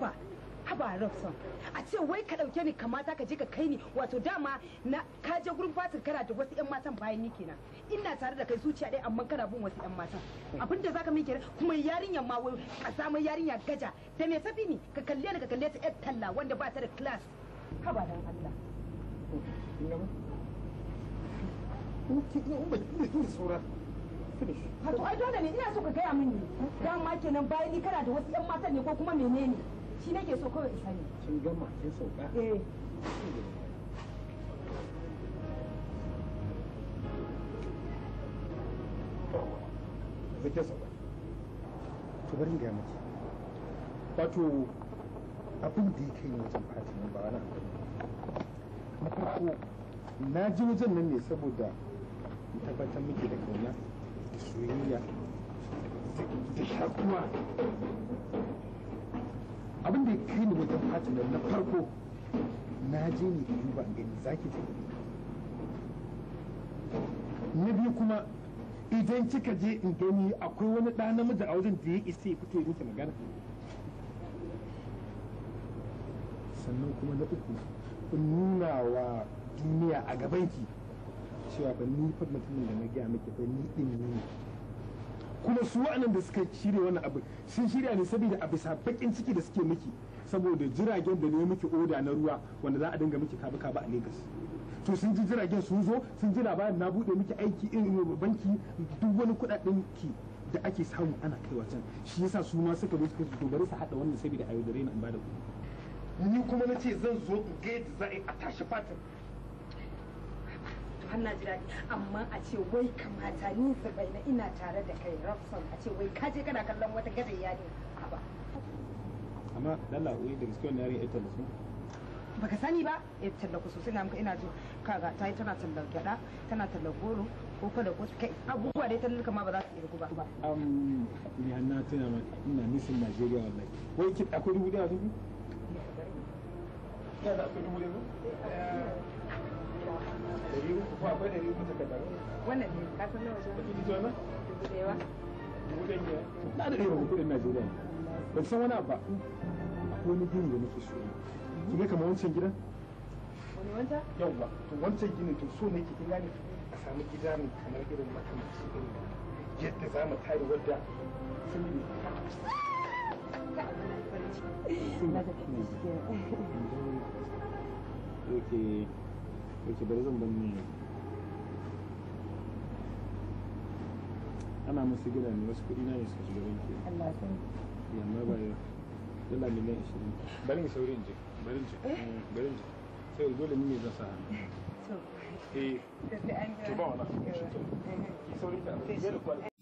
ba haba a ce wai ka dauke ni kamata ka je ka kai ni wato dama na ka je gurin fatir kana da wasu yan matan bayan ni kenan ina tare da kai zuciya dai amma kana bin wasu yan matan abin da zaka min kenan kuma yarinyar ma wai ka samu yarinya gaja da me tafi ni ka kalle ni ka kalle ta yar talla wanda ba ta da class haba dan Allah Wato ai dole ne ina so ka gaya mini Dama kenan bayan ni kana da wasu 'yan matan ne ko kuma menene? shi nake so kawai in kin gama kin sauka eh zake sauka to abin da yake yi wajen fati ba na farko na ji wajen nan ne saboda in tabbatar muke da kauna da soyayya da shakuwa hatim na farko na je ne ki duba gani zaki je na biyu kuma idan kika je in gani akwai wani ɗa namijin a wajen da ya isa ya fito ya miki magana sannan kuma na uku in nuna wa duniya a gabanki cewa ba ni fa mutumin da na gaya miki ba ni din ne kuma su wa'annan da suka shirya wannan abu sun shirya ne saboda a bisa bakin ciki da suke miki saboda jiragen da ne miki oda na ruwa wanda za a dinga miki kaba kaba a Legas to sun ji jiragen sun zo sun ji labarin na bude miki aiki irin banki duk wani kudaden ki da ake samu ana kaiwa can shi yasa su ma suka zo suka to bari su hada wannan saboda ayo da raina in bada kuɗi ni kuma na ce zan zo in ga yadda za a yi a tashi fatin hana ji amma a ce wai kamata ni zubai na ina tare da kai rafsan a ce wai kaje kana kallon wata gadayya ne amma dalla wuri da gaske wannan yarin ita da su baka sani ba ya tallaku sosai na muka ina ji kaga ta yi tana tallar gyada tana tallar goro ko kada ko kai abubuwa da ya tallar kama ba za su irgu ba um ni hanna tana ma ina nisin Najeriya wallahi wai ki akwai dubu da dubu ya da akwai dubu da dari uku ko akwai dari wannan ne ka san nawa ce ki ji wannan dubu da yawa na da ɗaya kudin najeriya ba san wani abu ba akwai wani gini da nake so ki ga kamar wancan gidan wani wanta yawwa to wancan gini to so nake kin gane a samu gida ne kamar irin makamanci din yadda za mu tare wadda sun yi Ok, ok, bari zan ban ana musu gida ne wasu kuɗi na yasa shiga banki Allah san yamma ba yau dala miliyan 20 bari in saurin je eh? eh, bari in je bari in je sai dole ni ne zan sa hannu to eh to ba wala ki saurin ta